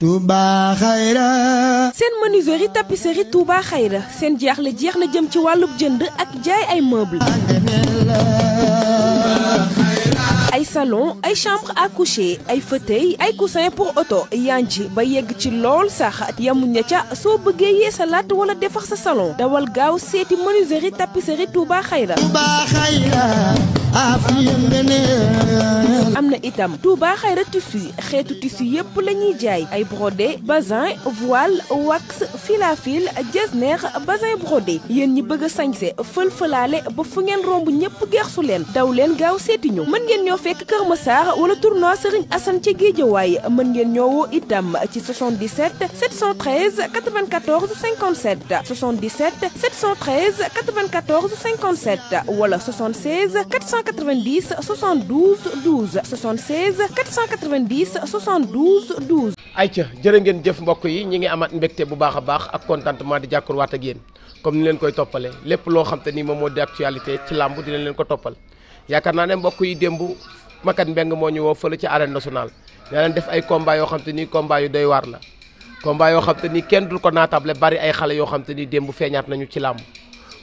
Touba Khayra. seen menuiserie tapisserie Touba Khayra seen jaaxle jeex na jëm ci wàllub jënd ak jaay ay meubles. ay salon ay chambre à coucher ay fauteuil ay coussin pour auto yanji ba yegg ci lool sax yamu na ca soo bëggee yee salaat wala defar sa salon dawal gaaw seeti menuiserie tapisserie Touba Khayra. Touba Khayra. am na itam Touba Xayra tissu xeetu tissu yépp la ñuy jaay ay brodé bazin voile wax filafil jesner bazin brodé yéen ñi bëgg a sañse fël-fëlaale ba fu ngeen romb ñépp geexsu leen daw leen gaaw seeti ñu mën ngeen ñoo fekk Kër Massar wala tournoi Serigne Assane ca Géejawaay mën ngeen ñoo woo itam ci 77 713 94 57 77 713 94 57 wala 76 4 490 72 12 76 490 72 12. ayca jërë ngeen jëf mbokk yi ñi ngi amaat mbégte bu baax a baax ak contentement di jàkkurwaat ak yéen comme ni leen koy toppale lépp loo xamte te ni moom moo di actualité ci làmb dina leen ko toppal yaakaar naa ne mbokk yi démb makat mbeng moo ñëwoo woo fële ci arène national nee leen def ay combat yoo xam te ni combat yu dey waar la combat yoo xam te ni kenn dul ko naatable bari ay xale yoo xam ni démb feeñaat nañu ci làmb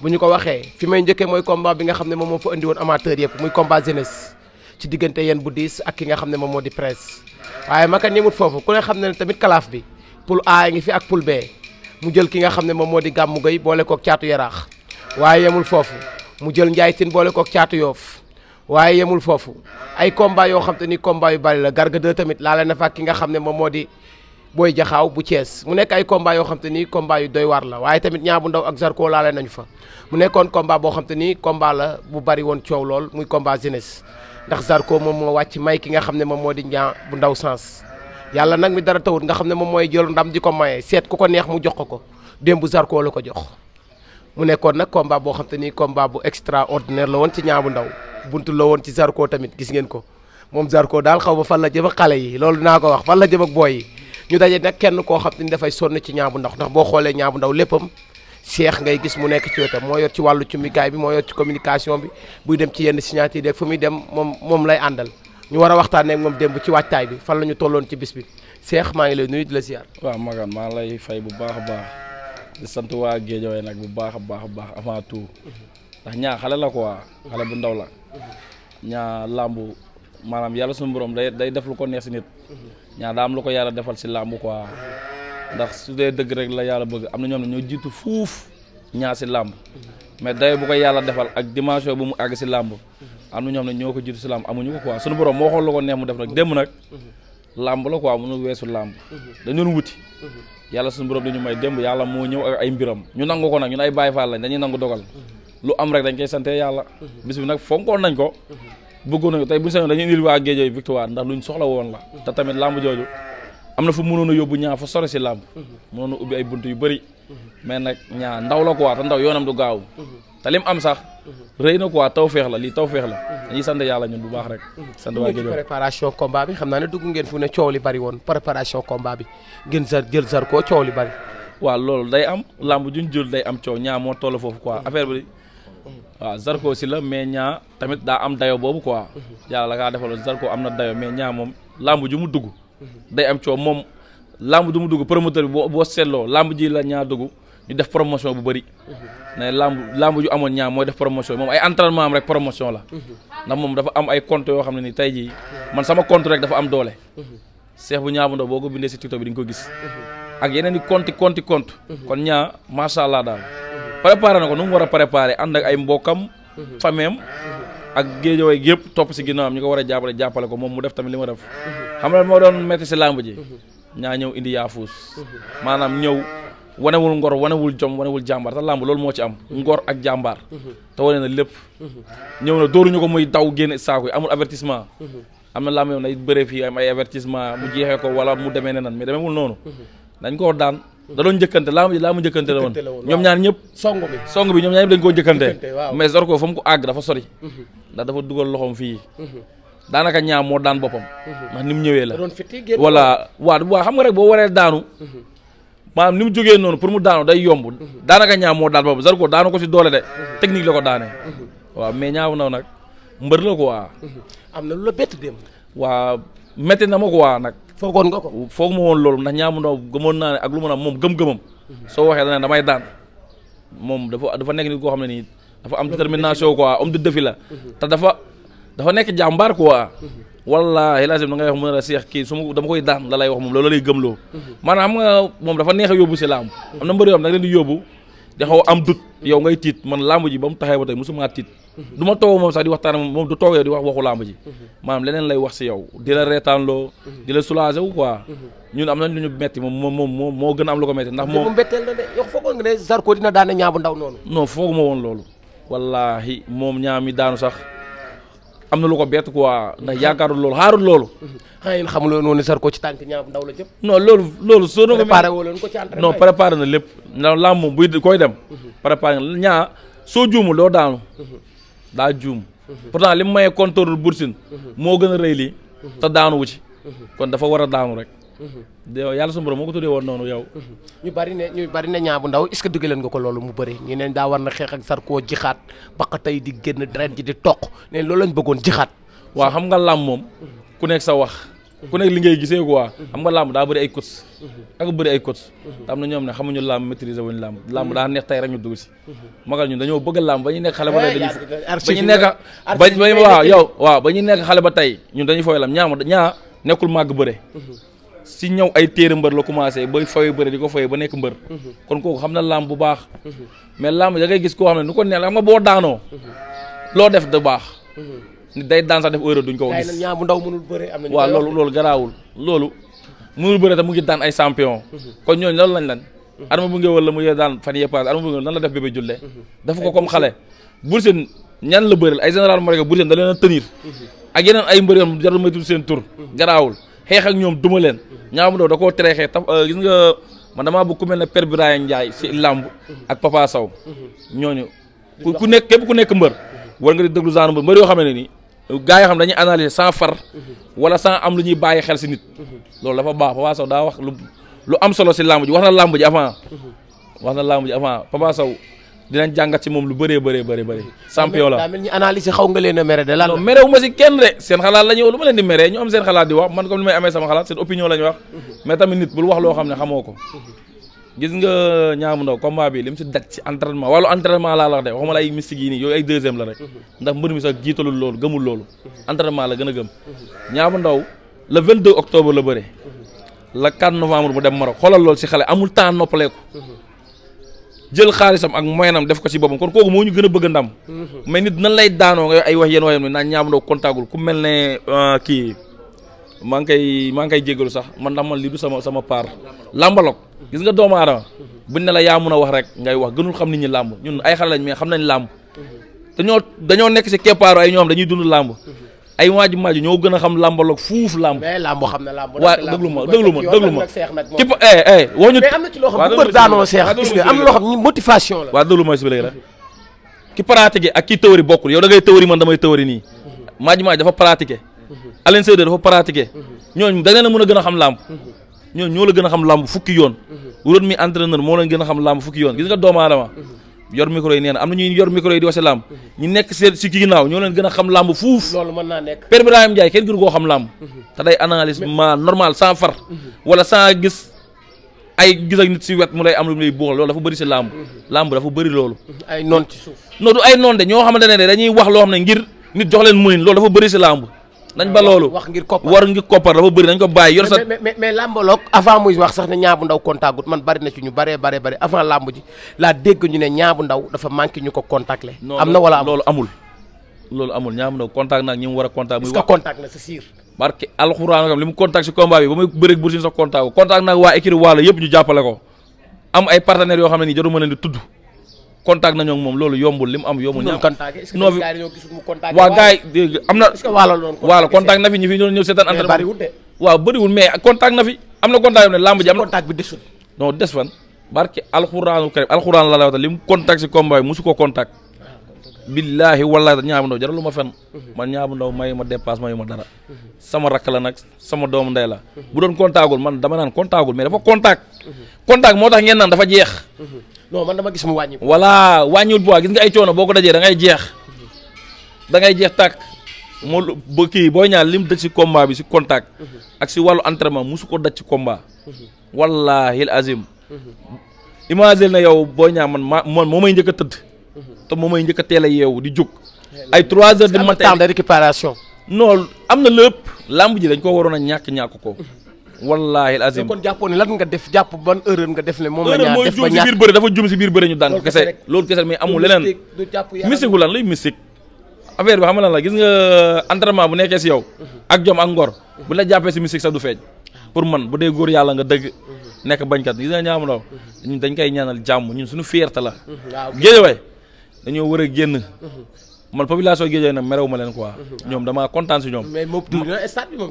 bu ñu ko waxee fi may njëkkee mooy combat bi nga xam ne moom moo fa andi woon amateur yëpp muy combat jeunesse ci diggante yéen bu diis ak ki nga xam ne moom moo di presse waaye maka ñemut foofu ku ne xam ne tamit kalaaf bi poule A ngi fi ak poule B mu jël ki nga xam ne moom moo di gàmmu gay boole kook caatu yaraax waaye yemul foofu mu jël njaay tin boole kook caatu yoof waaye yemul foofu ay combat yoo xam te ni combat yu bari la garga 2 tamit laale na fa ki nga xam ne moom moo di booy jaxaaw bu cees mu nekk ay combat yoo xam te ni combat yu doy war la waaye tamit ñaa bu ndaw ak Zarko laale nañu fa mu nekkoon combat boo xam te ni combat bu bari woon coow lool muy combat jeunesse ndax Zarko moom moo wàcc may ki nga xam ne moom moo di ñaa bu ndaw sens yàlla nag mi dara tawut nga xam ne moom mooy jël ndam di ko maye seet ku ko neex mu jox ko ko démb Zarko la ko jox mu nekkoon nag combat boo xam ni combat bu extraordinaire la woon ci ñaa bu ndaw buntu la woon ci sarko tamit gis ngeen ko moom Zarko daal xaw ma fan la jëm ak xale yi loolu naa ko wax fan la jëm ak booy ñu daje nag kenn koo xam te ni dafay sonn ci ñaabu ndaw ndax boo xoolee ñaabu ndaw léppam seex ngay gis mu nekk ci wetam moo yor ci wàllu cummikaay bi moo yor ci communication bi buy dem ci yenn signature yi fu muy dem moom moom lay àndal ñu war a waxtaanee ak moom démb ci waajtaay bi fan la ñu tolloon ci bis bi seex maa ngi lay nuyu di la ziar. waa Maguette maa lay fay bu baax a baax di sant waa Guédiawaye nag bu baax a baax baax avant tout ndax ñaa xale la quoi ndaw la ñaa làmbu maanaam yàlla suñu borom day day def ko neex nit. ñaar daa am lu ko yàlla defal si làmb quoi ndax su dee dëgg rek la yàlla bëgg am na ñoom ne ñoo jiitu fuuf ñaa si làmb mais day bu ko yàlla defal ak dimension bu mu àgg si làmb am na ñoom ne ñoo ko jiitu si làmb amuñu ko quoi suñu borom moo xool la ko neex mu def nag dem nag làmb la quoi mënu weesu làmb dañu doon wuti yàlla suñu borom dañu may demb yàlla moo ñëw ak ay mbiram ñu nangu ko nag ñun ay Baay Faal lañ dañuy nangu dogal lu am rek nañ ko bëggoon nañu tey bu ñu sañoon dañuy indil waa Géejawaay victoire ndax luñ soxla woon la te tamit làmb jooju am na fu mënoon a yóbbu ñaa fu sore si làmb mënoon a ubbi ay bunt yu bëri mais nag ñaa ndaw la quoi te ndaw yoonam du gaaw te lim am sax rëy na ko quoi taw feex la lii taw feex la dañuy sant yàlla ñun bu baax rek sant waa Géejawaay préparation combat bi xam naa ne dugg ngeen fu ne coow li bari woon préparation combat bi ngeen zar jël zar koo coow li bëri waaw loolu day am làmb juñ jël day am coow ñaa moo toll foofu quoi affaire bi waaw Zarko si la mais ñaa tamit daa am dayo boobu quoi mhm. yàlla la kaa defaloon Zarko am na dayo mais ñaa moom làmb ju mu dugg day am coow moom làmb ju mu dugg promoteur bi boo boo seetloo làmb ji la ñaa dugg ñu def promotion bu bëri mhm. ne làmb làmb ju amoon ñaa mooy def promotion moom ay entraînement am rek promotion la mhm. ndax moom dafa am ay compte yoo xam ne ni tey jii man sama compte rek dafa am doole seex bu ñaa bu ndaw boo ko bindee si TikTok bi di nga ko gis ak yeneen i compte compte compte kon ñaa macha allah daal préparé na ko nu mu war a préparé ànd ak ay mbokkam. Mhm. fameem mhm. ak géejawaay yëpp topp si am ñu ko war a jàppale jàppale ko moom mu def tamit li ma def. Mhm. xam nga moo doon metti si làmb ji. ñaa ñëw indi yaafuus. maanaam ñëw wanewul ngor wanewul jom wanewul jàmbaar te làmb loolu moo ci am. ngor ak jàmbaar. te wane na lépp. ñëw na dóoruñu ko muy daw génne saako yi amul avertissement. am na làmb yoon day bëree fii am ay avertissement mu jeexee ko wala mu demee ne nan mais demeewul noonu. da doon njëkkante laa mu laa mu njëkkante la woon ñoom ñaar ñëpp song bi song bi ñoom ñaar ñëpp dañ koo njëkkante mais Zarko fa mu ko àgg dafa sori mhm. da dafa dugal loxoom fii mhm. daanaka ñaar moo daan boppam mhm. ndax ni mu ñëwee la voilà waa waa xam nga rek boo waree daanu maanaam ni mu jógee noonu pour mu daanu day yomb daanaka ñaar moo daan boppam ko daanu ko si doole de technique la ko daane waaw mais ñaa na nag mbër la quoi am na lu la bett waa métti na ma quoi nag foogoon nga ko foog ma woon loolu ndax ñaamu ndaw gëmoon naa ne ak lu mën a moom gëm-gëmam soo waxee dana damay daan moom dafa dafa nekk nit koo xam ne nii dafa am détermination quoi homme de défi la te dafa dafa nekk jàmbaar quoi wallaahi lazim da ngay wax a ne la seex kii su ma dama koy daan la lay wax moom loolu lay loo mm-hmm. maanaam xam nga moom dafa neex a yóbbu si laam am na mbër yoo xam da leen di yóbbu di xaw am dut yow ngay tiit man làmb ji ba mu taxee ba tey mosuma tiit mhm. du ma toog moom sax di waxtaan moom du toog yow di wax waxu làmb ji mhm. maanaam leneen lay wax si yow di la reetaanloo mhm. di la soulager wu quoi ñun am nañ lu ñu metti moom moom moom moom moo gën a am lu ko metti ndax moom mbetteel na de yow foogoon nga ne Zarko dina daane ñaabu ndaw noonu non foogu woon loolu wallaahi moom ñaami daanu sax am na lu ko bett quoi ndax yaakaarul loolu xaarul loolu. xanaa yéen xamuloo noonu Zarko ci tànk ñaar ndaw la jëm. non loolu loolu soo doon. préparé woo leen ko ci entraînement non préparé na lépp ndax làmb moom buy koy dem. préparé na ñaa soo juumul doo daanu. daa juum. pourtant li mu mayee contourne moo gën a rëy lii. daanu wu kon dafa war a daanu rek. yow yàlla suñu borom moo ko tuddee woon noonu yow ñu bari ne ñu bari ne ñaa bu ndaw est-ce que dëggaleen nga ko loolu mu bëri ñu neen daa war na xeex ak Zarko jixaat baqa tey di génn deret ji di toq neen loolu lañ bëggoon jixaat waa xam nga làmb moom ku nekk sa wax ku nekk li ngay gisee quoi xam nga làmb daa bëri ay coach ak bëri ay coach te am na ñoom ne xamuñu làmb maîtriser wuñu làmb làmb daa neex tey rek ñu dugg si magal bëgg làmb ba nekk xale ba tey eh, ñu nekk yow waaw ba ñuy nekk xale ba tey ñun dañuy fooy lam ñaa ma ñaa nekkul màgg bëre si ñëw ay téere mbër la commencé ba fawee bëri di ko fawee ba nekk mbër mhm. kon kooku xam na làmb bu baax mhm. mais làmb da ngay gis koo xam ne nu ko neex xam boo daanoo mhm. loo def du baax nit day daan sax def heure duñ ko gis la mu la def bébé julle dafa ko comme xale bursin ñan la bëreel ay général Morgan bursin da leen a tenir ak yeneen ay mbër yoon jarul may tudd seen tur garaawul xeex ak ñoom duma leen ñaaw mu doo da koo tereexee taf euh, gis nga man damaa bëgg ku mel ne Père Birahim Ndiaye si làmb ak Papa Sow ñooñu ku nekk képp ku nekk mbër war nga di déglu genre mbër mbër yoo xam ne nii gars yoo xam dañuy analyser sans far wala sans am lu ñuy bàyyi xel si nit loolu dafa baax Papa Sow daa wax lu lu am solo si làmb ji wax na làmb ji avant wax na làmb ji avant Papa Sow dinañ jàngat ci moom lu bëree bëree bëri bëri champion la daa a mere de lan non mere wu ma si kenn de seen xalaat la ñuy wax lu ma leen di meree ñu am seen xalaat di wax man comme li may amee sama xalaat seen opinion la ñuy wax mhm. mais tamit nit bul wax loo xam ne xamoo ko mhm. gis nga ñaamu ndaw combat li mu si daj ci entraînement wàllu entraînement laa la de waxuma la ay mystique yi nii yooyu ay deuxième la rek mhm. ndax mbër mi sax jiitalul loolu gëmul loolu entraînement la gën a gëm ñaamu jël xaalisam ak moyenam def ko si boppam kon kooku moo ñu gën a bëgg ndam. Mhm. mais nit nan lay daanoo nga ay wax yéen wayam ne naan ñaamandoo kontagul ku mel ne euh, kii maa ngi koy maa ngi koy jégalu sax man ndax man lii du sama sama paar làmbaloog gis nga doomu aadama buñ ne la yaa mun a wax rek ngay wax gënul xam nit ñi làmb ñun ay xale lañ mais xam nañ làmb. dañoo mhm. dañoo nekk ci keppaaru ay ñoom dañuy dund làmb mhm. ay waaju maaju ñoo gën a xam làmbaloog fuuf làmb. mais làmb xam ma déglu ma ma képp eh la. waaw déglu ma si léegi la ki pratiqué ak ki tëwëri bokkul yow da ngay tëwëri man damay tëwëri nii. maaju maaju dafa pratiqué. Alioune Seye dafa pratiqué. ñooñu da leen a mën a gën a xam làmb. ñooñu ñoo la gën a xam làmb fukki yoon. wuroon mhm. mi entraîneur moo leen gën a xam làmb fukki yoon gis nga doomu aadama yor micro yi am na ñuy yor micro yi di wase làmb ñu nekk seen si ginnaaw ñoo leen gën a xam làmb fuuf loolu mën naa nekk Père Birahim Ndiaye kenn gënu koo xam làmb mhm. te day analyse ma normal sans far mhm. wala saa gis ay gis ak nit si wet mu lay am lu mu lay buuxal loolu dafa bëri si làmb mhm. làmb dafa bëri loolu ay noon ci suuf ay noon de ñoo xamante ne dañuy wax loo xam ne ngir nit jox leen moyen loolu dafa bëri si làmb nañ ba loolu wax ngir koppar war ngir koppar dafa bëri nañ ko bàyyi yor sa mais mais làmbaloog avant muy wax sax ne ñaabu ndaw contact man bari na ci ñu bare baree bari avant làmb ji laa dégg ñu ne ñaabu ndaw dafa manqué ñu ko contacté am na wala loolu amul loolu amul ñaabu ndaw contact naag ñi mu war a contact muy wax contact na sa mu contact si combat bi ba muy bëri bursin sax contact ko contact naag waa écurie Walo yëpp ñu jàppale ko am ay partenaires yoo xam ne nii jotuma leen di tudd contact nañoo ak moom loolu yombul li mu am yombul. ñaax non bi waaw gars yi am na. waalo contact na fi ñu fi ñëw seetaan entraînement waaw bëriwul mais contact na fi am na contact yoo xam ne làmb ji am na contact bi desul non des fan barke alxuraanu karim alxuraan la la wax li mu contact si combat bi musu ko contact billaahi wallaahi ñaabu ndaw jaralu ma fenn mhm. man ñaabu ndaw may ma dépasse mayu ma dara sama rakk la nag sama doomu ndey la mhm. bu doon contagul man dama naan contagul mais dafa mhm. contact moo tax ngeen naan dafa jeex non man dama gis mu wàññi. voilà wàññiwul poids gis nga ay coono boo ko dajee da jeex da ngay jeex tàkk moo ba kii booy ñaar lim daj si combat bi si contact. Mhm. ak si wàllu entraînement musu ko daj ci combat. Mhm. wallaahi al azim. Mhm. imagine na yow booy ñaar man ma man moo may njëkk tëdd. te moo may njëkk a teel a yeewu di jóg. Eh, ay 3 heures du matin temps de récupération. am na lépp. làmb ji dañ ko waroon a ñàkk ñàkk ko. wallaahi azim kon jàppoon ne lan nga def jàpp ban erreur nga def ne moom la ñaar def ba ñaar biir bëri dafa jum si biir bëri ñu daan kese loolu kese mais amul leneen mystique wu lan lay mystique bi xam lan la gis nga euh, entraînement bu nekkee si yow mhm. ak jom ak ngor bu la jàppee si mystique sax du feeñ ah. pour man bu dee góor yàlla nga dëgg mhm. nekk bañkat gis nga ñaamu law mhm. dañ koy ñaanal jàmm ñun suñu fierté la géej dañoo war a génn man population Guédiawaye nag merewuma leen quoi. Mhm. ñoom damaa kontaan si ñoom. mais moom tuuti na stade bi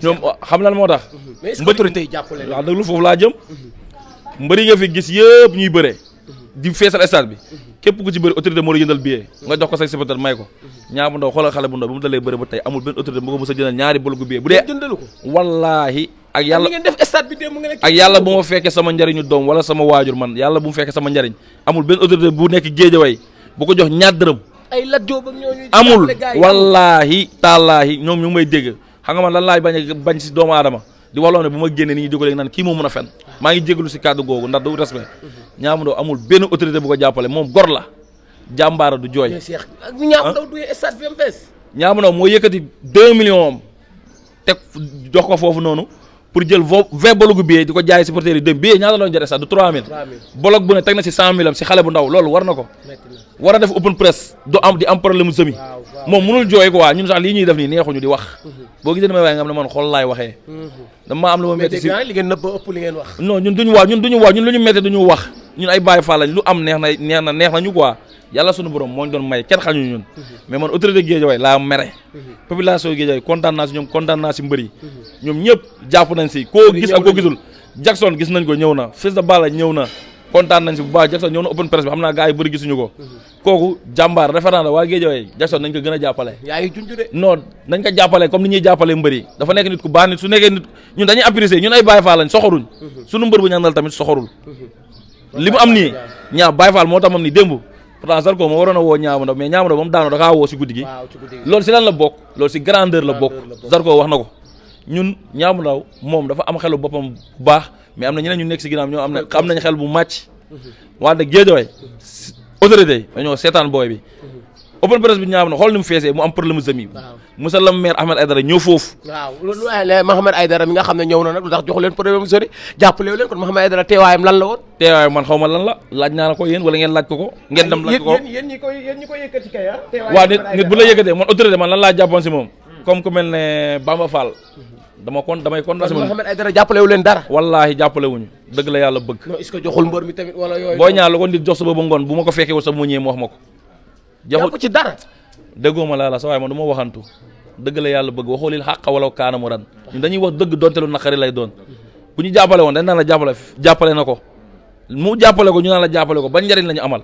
xam lan moo tax. Mhm. mais est foofu laa jëm. Mhm. mbëri nga fi gis yëpp ñuy bëree. di feesal stade bi képp ku ci bëri autorité moo la jëndal billet nga jox ko say supporter may ko ñaar bu ndaw xoolal xale bu a jëndal ñaari bolgu billet dee wallaahi ak yàlla ngeen def stade bi mu ak yàlla bu ma fekkee sama njariñu doom wala sama waajur man yàlla bu mu fekkee sama njariñ amul benn autorité bu nekk Guédiawaye bu ko jox ñaar dërëm ay Lat Joob ak ñooñu amul wallaahi taalaahi ñoom ñu may dégg xam nga ma lan laay bañ bañ si doomu aadama di waloo ne bu ma génnee ni ñuy déglu léegi naan kii moo mën a fen maa ngi jégalu si kàdd googu ndax du respect ñaamu doo benn autorité bu ko jàppale moom gor la jàmbaara du jooy ñaamu doo moo yëkkati deux millions am teg jox ko foofu noonu pour jël vo vingt bolog billet di ko jaay supporter yi dem billet ñaata la doon sax du 3000 bolog bu ne teg na si 100000 am si xale bu ndaw loolu war na ko war a def open press du am di am problème semi moom mënul jooy ko ñun sax lii ñuy def nii neexuñu di wax mhm. boo gisee damay waaye nga xam ne man xool laay waxee mhm. dama am lu ma metti si li ñun duñu wax ñun duñu wax ñun ay bàyyi fa lu am neex na neex na neex nañu quoi yàlla sunu borom moo ñu doon may kenn xañu ñun mm-hmm. mais man autorité Guédiawaye laa mere mm-hmm. population Guédiawaye kontaan naa si ñoom kontaan naa si mbër yi mm-hmm. ñoom ñëpp jàpp nañ si koo gis ak koo gisul Jackson gis nañ ko ñëw na Fils de Balla ñëw na kontaan nañ si bu baa Jackson ñëw na open press bi xam naa gars yi bëri gisuñu ko kooku jàmbaar référent la waa Guédiawaye Jackson nañ ko gën a jàppale yaa ngi junj de nañ ko jàppale comme ni ñuy jàppale mbër yi dafa nekk nit ku baax nit su nekkee nit ñun dañuy apprécier ñun ay Baye Fall lañ soxoruñ suñu mbër bu ñaanal tamit soxorul li mu am nii ñaa Baye moo tax am ni démb pourtant Zarko moo waroon a woo Niang bu Ndaw mais Niang bu Ndaw ba mu daanoo da kaa woo si guddi gi loolu si lan la bokk loolu si grandeur la bokk Zarko wax na ko ñun Niang bu Ndaw moom am xelu boppam bu baax mais am na ñeneen ñu nekk si ginnaaw ñoo am ne am nañ xel bu màcc mhm. wante Guédiawaye autorité yi dañoo seetaan booy bi mhm. open presse bu Ndaw xool ni mu feesee mu am problème zemi Moussa Lam maire Ahmed Aydara ñëw foofu. waaw loolu eh, nga xam ne ñëw na nag jox leen problème mu sori jàppale leen ma laaj naa la ko yéen wala ngeen laaj la yëkkatee man autorité man lan laa jàppoon si moom. comme ku mel ne Bamba Fall. dama kon damay la sama Mohamed Aydara jàppale wu leen dara wallaahi jàppale wuñu dëgg la yàlla bëgg ba ngoon bu ma ko fekkee wul sa bu ma ñëwee mu wax ma ko joxul ci dara déggoo ma laa la sa waaye man du ma waxantu dëgg la yàlla bëgg waxoo lil xàq wala kaana mu ran dañuy wax dëgg donte naqari lay doon bu ñu jàppale woon dañ naan la jàppale jàppale na ko mu jàppale ko ñu naan la jàppale ko ba njariñ la amal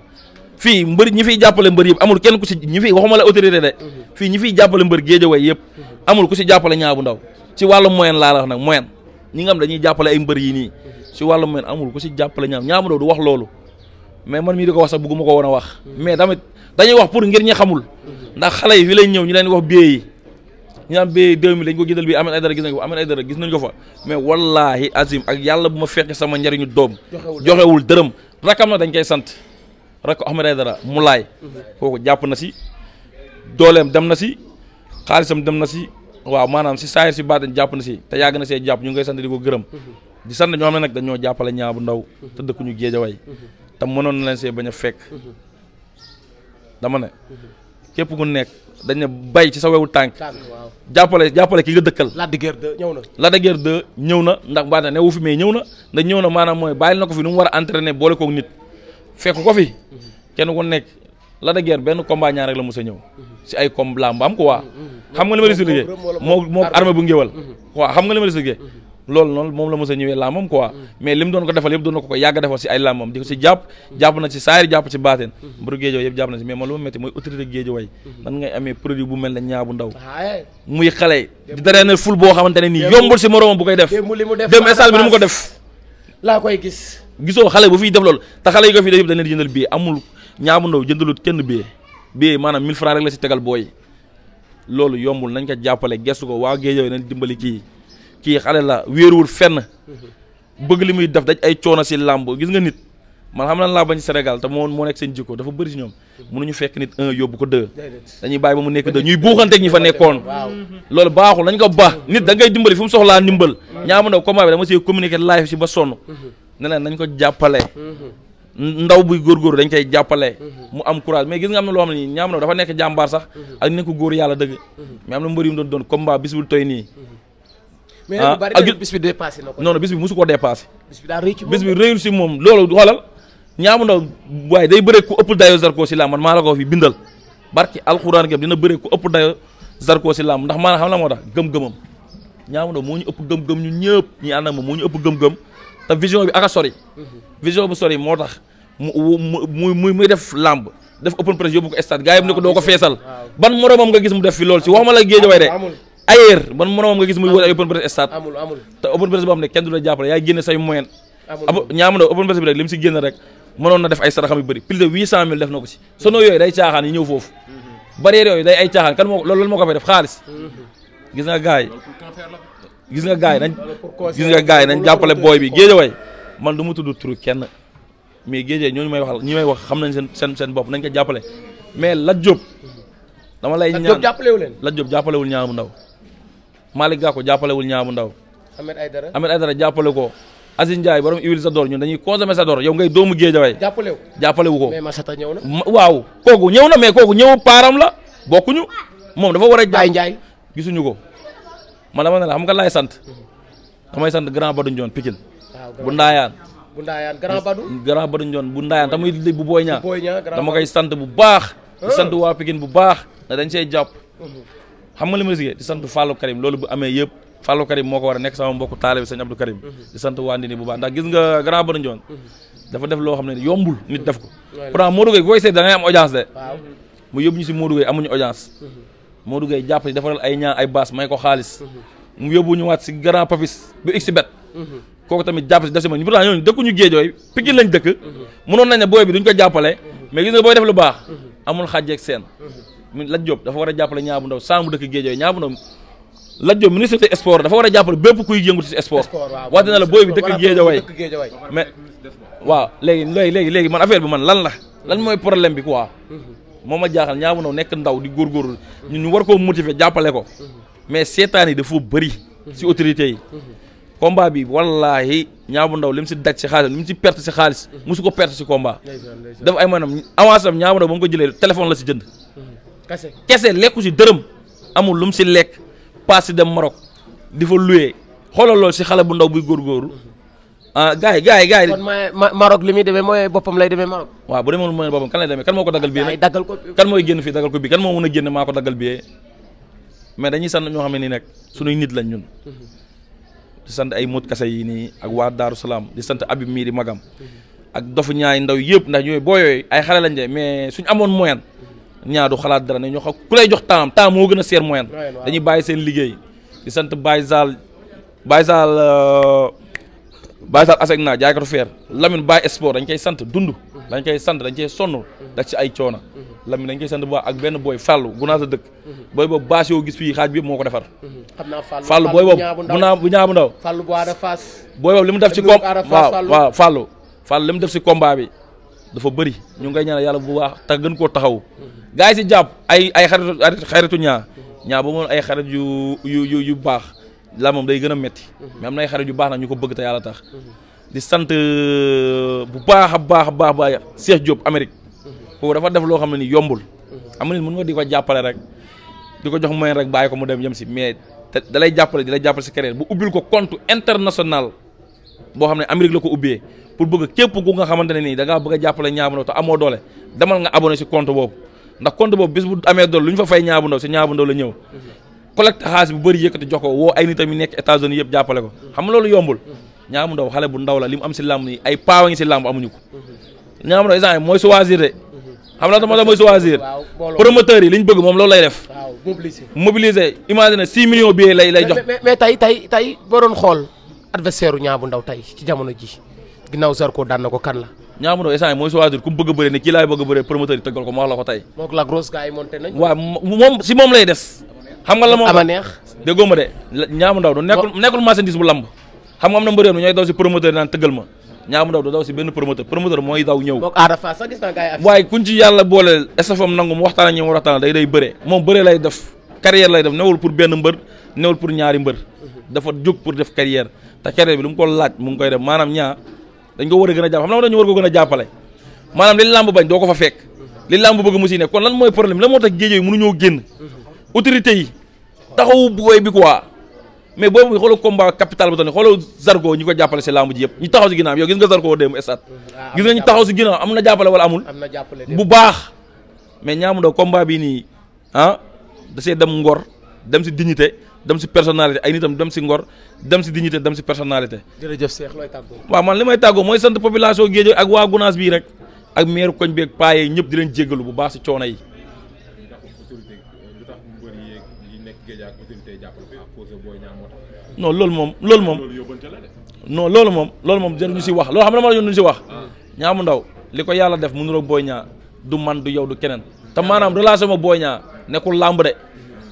fii mbër ñi fiy jàppale mbër yëpp amul kenn ku si ñi fiy waxuma la autorité de fii ñi fiy jàppale mbër géejaway yëpp amul ku si jàppale ñaa bu ndaw si wàllu moyen laa la yi nii si wàllu moyen amul ku si jàppale ñaa ñaa bu ndaw du wax loolu mais man mii di ko wax sax bëgguma ko woon a wax mais tamit dañuy wax pour ngir ñi xamul ndax xale yi fi lay ñëw ñu leen wax billet yi ñu naan billet yi deux mille ko jëndal bi Ahmed Aïdara gis nañ ko Ahmed Aïdara gis nañ ko fa mais wallaahi azim ak yàlla bu ma fekk sama njariñu doom joxewul dërëm rakam na dañ koy sant rak Ahmed Aïdara mu laay kooku jàpp na si dooleem dem na si xaalisam dem na si waaw maanaam si saayir si baatin jàpp na si te yàgg na see jàpp ñu ngay koy sant di ko gërëm di sant ñoo xam na nag dañoo jàppale ñaa bu ndaw te dëkkuñu géejawaay te mënoon na leen a fekk dama ne képp ku nekk dañ ne bay ci sa wewu tànk jàppale jàppale ki nga dëkkal Lac de Guiers 2 ñëw na Lac de ñëw na ndax baata ne wu fi mais ñëw na ndax ñëw na maanaam mooy bàyyil na ko fi nu mu war a entraîner boole koog nit fekk ko fi kenn ku nekk Lac de Guiers benn combat ñaar rek la mos a ñëw si ay combat mbaam quoi mm-hmm. xam nga li ma expliqué moo moo armée bu ngéwal waaw mm-hmm. xam nga li ma expliqué loolu noonu moom la mos a ñëwee làmbam quoi mm. mais li mu doon ko defal yëpp doon na ko ko yàgg defal si ay làmbam di ko si jàpp jàpp na si saayir jàpp si baateen mburu mm-hmm. géejoo yëpp na si mm-hmm. ne ñaa bu ndaw ah, muy xale di drainer ful boo xamante ne nii yombul si moroomam bu koy def dem stade bi ni mu ko def laa koy gis gisoo xale bu fiy def loolu te xale yi ko fiy def yëpp dañ leen di jëndal billet amul ñaa ndaw jëndalut kenn billet billet maanaam 1000 francs rek la si tegal booy loolu yombul kii xale la wéeruwul fenn bëgg li muy def daj ay coono si làmb gis nga nit man xam lan laa bañ Sénégal te moo moo nekk seen jikko dafa bëri si ñoom ñu fekk nit un yóbbu ko deux dañuy bàyyi ba mu nekk deux ñuy buuxanteeg ñi fa nekkoon loolu baaxul nañ ko baax nit da ngay dimbali fu mu soxlaa ndimbal ñaama ndaw combat bi dama see communiqué live si ba sonn ne leen nañ ko jàppale ndaw buy góorgóor dañ koy jàppale mu am courage mais gis nga na loo xam ne ñaama dafa nekk jàmbaar sax ak nekk góor yàlla dëgg mais am na mbër yu mu doon doon combat bis bu toy nii ah ak bis bi dépassé na ko. non non bis bi mosu ko bis bi daa rëy ci moom bis bi rëyul si moom loolu xoolal ñaamu ndaw waaye day bëre ku ëpp dayo Zarko si laam man maa la ko fi bindal barki alxuraan gam dina bëre ku ëpp dayo Zarko si laam ndax maanaam xam la moo tax gëm-gëmam ñaamu ndaw moo ñu ëpp gëm-gëm ñun ñëpp ñi ànd ak moom moo ñu ëpp gëm-gëm te vision bi ak a sori. Mhm. vision bu sori moo tax mu muy def làmb def open press yóbbu ko stade gars yi ne ko doo ko feesal ban moromam nga gis mu def fi loolu si ma la géej way de ailleurs man moroomam nga gis muy wër ay open press stade amul open press boo xam kenn du la jàppale yaay génne say moyen ab ñaama na open press bi rek li mu si génn rek mënoon na def ay saraxam yu bëri plus de huit cent mille def na ko si sono yooyu day caaxaan yi ñëw foofu mm-hmm. barrière yooyu day ay caaxaan kan moo ko fay def xaalis mm-hmm. gis nga gaay gis nga gaay nañ gis nañ jàppale booy bi géej way man du ma tudd turu kenn mais géej ñooñu may waxal ñi may wax xam nañ seen seen seen bopp nañ ko jàppale mais Lat Diop dama lay ñaan Lat Diop jàppalewul ñaar mu ndaw Malick Gakou jàppalewul ñaamu ndaw Ahmed Aïdara Ahmed Aïdara jàppale ko Aziz Ndiaye borom huile sa door ñun dañuy consommer sa door yow ngay doomu Guédiawaye jàppalewu jàppalewu ko mais Massata ñëw na waaw kooku ñëw na mais kooku ñëw paaram la bokkuñu moom dafa war a jaay Ndiaye gisuñu ko mala dama ne la xam nga laay sant mhm. damay sant grand Badou Ndione Pikine bu ndaayaan bu ndaayaan grand Badou grand Badou Ndione bu ndaayaan tamuy li bu booy ñaa dama koy sant bu baax ah. sant waa Pikine bu baax dañ see jàpp mhm. xam nga li ma di sant Fallou Karim loolu bu amee yëpp Fallou Karim moo ko war a nekk sama mbokku taalibe sëñ Abdou Karim mhm. di sant waa Ndindi bu baax ndax gis nga grand Bada Ndione mhm. dafa def loo xam ne yombul nit def ko pourtant Modou Gueye koy seet da am audience de mu yóbbu ñu si Modou Gueye amuñu audience mhm. Modou Gueye jàpp si defaral ay ñaan ay baas may ko xaalis mu yóbbu ñu waat si grand papis bu ig si bet kooku tamit jàpp si def si ma pourtant ñooñu dëkkuñu géejooy Pikine lañ dëkk mënoon nañ ne booy bi duñ ko jàppale mais gis booy def lu baax amul xàjjeeg seen Lat Diop dafa war a jàppale Niang bu Ndaw saa mu dëkk Géejawaay Niang bu Ndaw Lat Diop ministre des sports dafa war a jàppale bépp kuy yëngu ci sport wax dina la booy bi dëkk Géejawaay mais waaw man affaire bi man lan la lan mooy problème bi quoi moo ma jaaxal Niang bu Ndaw nekk ndaw di góorgóorlu ñun ñu war koo motiver jàppale ko mais seetaan yi dafa bëri ci autorité yi combat bi wallaahi Niang bu Ndaw li mu ci daj ci xaalis li mu ci perte ci xaalis mosu ko perte ci combat def ay maanaam avance am Niang la ci jënd kese lekku si dërëm amul lu mu si lekk paas si dem Maroc di fa loué xoolal loolu si xale bu ndaw buy góorgóorlu ah gars yi gars yi gars yi. kon li muy demee mooy boppam lay demee Maroc. waaw bu demee mooy boppam kan lay demee kan moo ko daggal bii nag daggal ko kan mooy génn fii daggal ko bii kan moo mën a génn maa ko daggal bii mais dañuy sant ñoo xam ne nii nag suñuy nit lañ ñun. di sant ay mut kase yi nii ak waa Daaru Salaam di sant Abib mii di magam. ak dofu ñaay ndaw yëpp ndax ñooy yooyu ay ñaadu xalaat dara ne ñoo xam ku lay jox temps temps moo gën a seer moyen dañuy bàyyi seen liggéey di sant Baye Sall Baye Sall euh, Baye Sall aseg naa jaaykatu feer Lamine Baye Sport dañ koy sant dund dañ koy sant dañ koy sonn dak ci ay coona Lamine dañ koy sant bu baax ak benn booy Fallou gunaa dëkk booy boobu bâche yoo gis fii xaaj bi yëpp moo ko defar Fallou booy boobu bu naa bu ñaa bu ndaw booy boobu li mu def ci com waaw waaw Fallou Fallou li def si kombaa bi dafa bëri ñu ngay ñaanal yàlla bu baax te gën koo taxaw gars yi si jàpp ay ay xaritu xaritu ñaa ñaa ba moom ay xarit yu yu yu baax la moom day gën a metti mais am na ay xarit yu baax nag ñu ko bëgg te yàlla tax di sant euh, bu baax a baax a baax baax Cheikh Diop Amérique foofu dafa def loo xam ne ni yombul am na nit mën nga di ko jàppale rek di ko jox moyen rek bàyyi ko mu dem jëm si mais da jàppale di lay jàppale si carrière bu ubbil ko compte international boo xam ne Amérique la ko ubbee pour bëgg képp ku nga xamante ne nii da ngaa bëgg a jàppale Niang Bou Ndaw te amoo doole demal nga abonné si compte boobu ndax compte boobu bis bu amee doole lu ñu fa fay Niang Ndaw si Niang Ndaw la ñëw collecte xaalis bu bëri yëkkati jox ko woo ay nitam yi nekk États-Unis yëpp jàppale ko xam loolu yombul Niang Ndaw xale bu ndaw la li am si làmb nii ay paawa si làmb amuñu ko Niang Ndaw instant mooy choisir de xam la dama da adversaire u Niang bu Ndaw tey ci jamono ji ginnaaw Zarko daan na ko kan la Niang bu Ndaw instant mooy choisir ku mu bëgg a bëri ne kii laay bëgg a bëri promoteur tëggal ko ma wax la ko tey mook moom si moom lay des xam nga la moom ama neex de Niang Ndaw du nekkul nekkul marchandise bu lamb xam nga am na mbëri ñooy daw si promoteur yi naan tëggal ma Niang Ndaw du daw si benn promoteur promoteur mooy daw ñëw waaye kuñ ci yàlla booleel estafam nangu mu waxtaan ak ñoom carrière lay def newul pour benn mbër newul pour ñaari mbër dafa jóg pour def carrière te carrière bi lu mu ko laaj mu ngi koy def maanaam ñaa dañ ko war a gën a jàpp xam naa dañu war a jàppale maanaam li làmb bañ doo ko fa fekk li ne la moo tax géej yi mënuñoo génn autorité yi taxawu bu toll nii xoolal Zarko ñi ko jàppale si nga ah, jàppale bu baax mais ñaamu do combat bii nii ah, da see dem ngor dem si dignité dem si personnalité ay nitam dem si ngor dem si dignité dem si personnalité. jërëjëf Cheikh looy tàggoo. waaw man li may tàggoo mooy sant population Guédiawaye ak waa Gounass bii rek ak maire koñ beeg paa yeeg ñëpp di leen jéggalu bu baax si coono yi. non loolu moom loolu moom non loolu moom loolu moom jërë ñu si wax loolu xam ne ma la ñu si wax ñaamu ndaw li ko yàlla def mu nuroog booy ñaa du man du yow du keneen te maanaam relation ma booy ñaa nekkul làmb de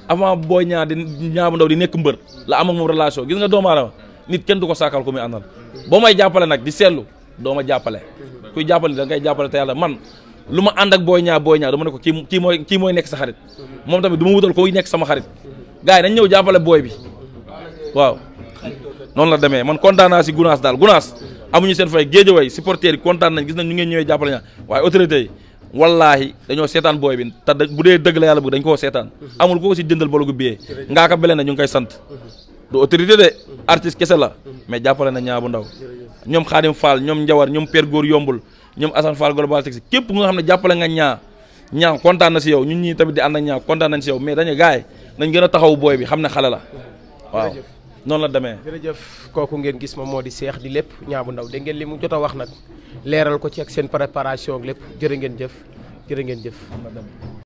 avant booy ñaa di ñaa bu ndaw di nekk mbër la am ak moom relation gis nga doomu aadama nit kenn du ko saakal ku muy àndal boo may jàppale nag di seetlu doo ma jàppale kuy jàppale da ngay jàppale te yàlla man lu ma ànd ak booy ñaa booy ñaa dama ne ko kii kii mooy kii mooy nekk sa xarit moom tamit du ma wutal ko nekk sama xarit gars yi nañ ñëw jàppale booy bi waaw noonu la demee man kontaan naa si gunaas daal gunaas amuñu seen fay géejëway supporters yi kontaan nañ gis nañ ñu wallaahi dañoo seetaan booy bi te bu dee dëgg la yàlla bëgg dañ koo seetaan mhm. amul ko si jëndal bologu billet ngaa ko beleen na ñu ngi koy sant mhm. du autorité de mhm. artiste kese la mais jàppale na ñaa bu ndaw ñoom Xaadim Fall ñoom Njawar ñoom Père Góor yombul ñoom Assane Fall Global Taxi képp nga xam ne jàppale nga ñaa ñaa kontaan na si yow ñun ñii tamit di ànd ak ñaa kontaan nañ si yow mais dañu gaay nañ gën a taxaw booy bi xam ne xale la waaw noonu la demee kooku ngeen gis moom moo di seex di lépp ñaa bu ndaw dégg ngeen li mu jot a wax nag leeral ko ci ak seen préparation ak lépp jërë ngeen jëf jërë ngeen jëf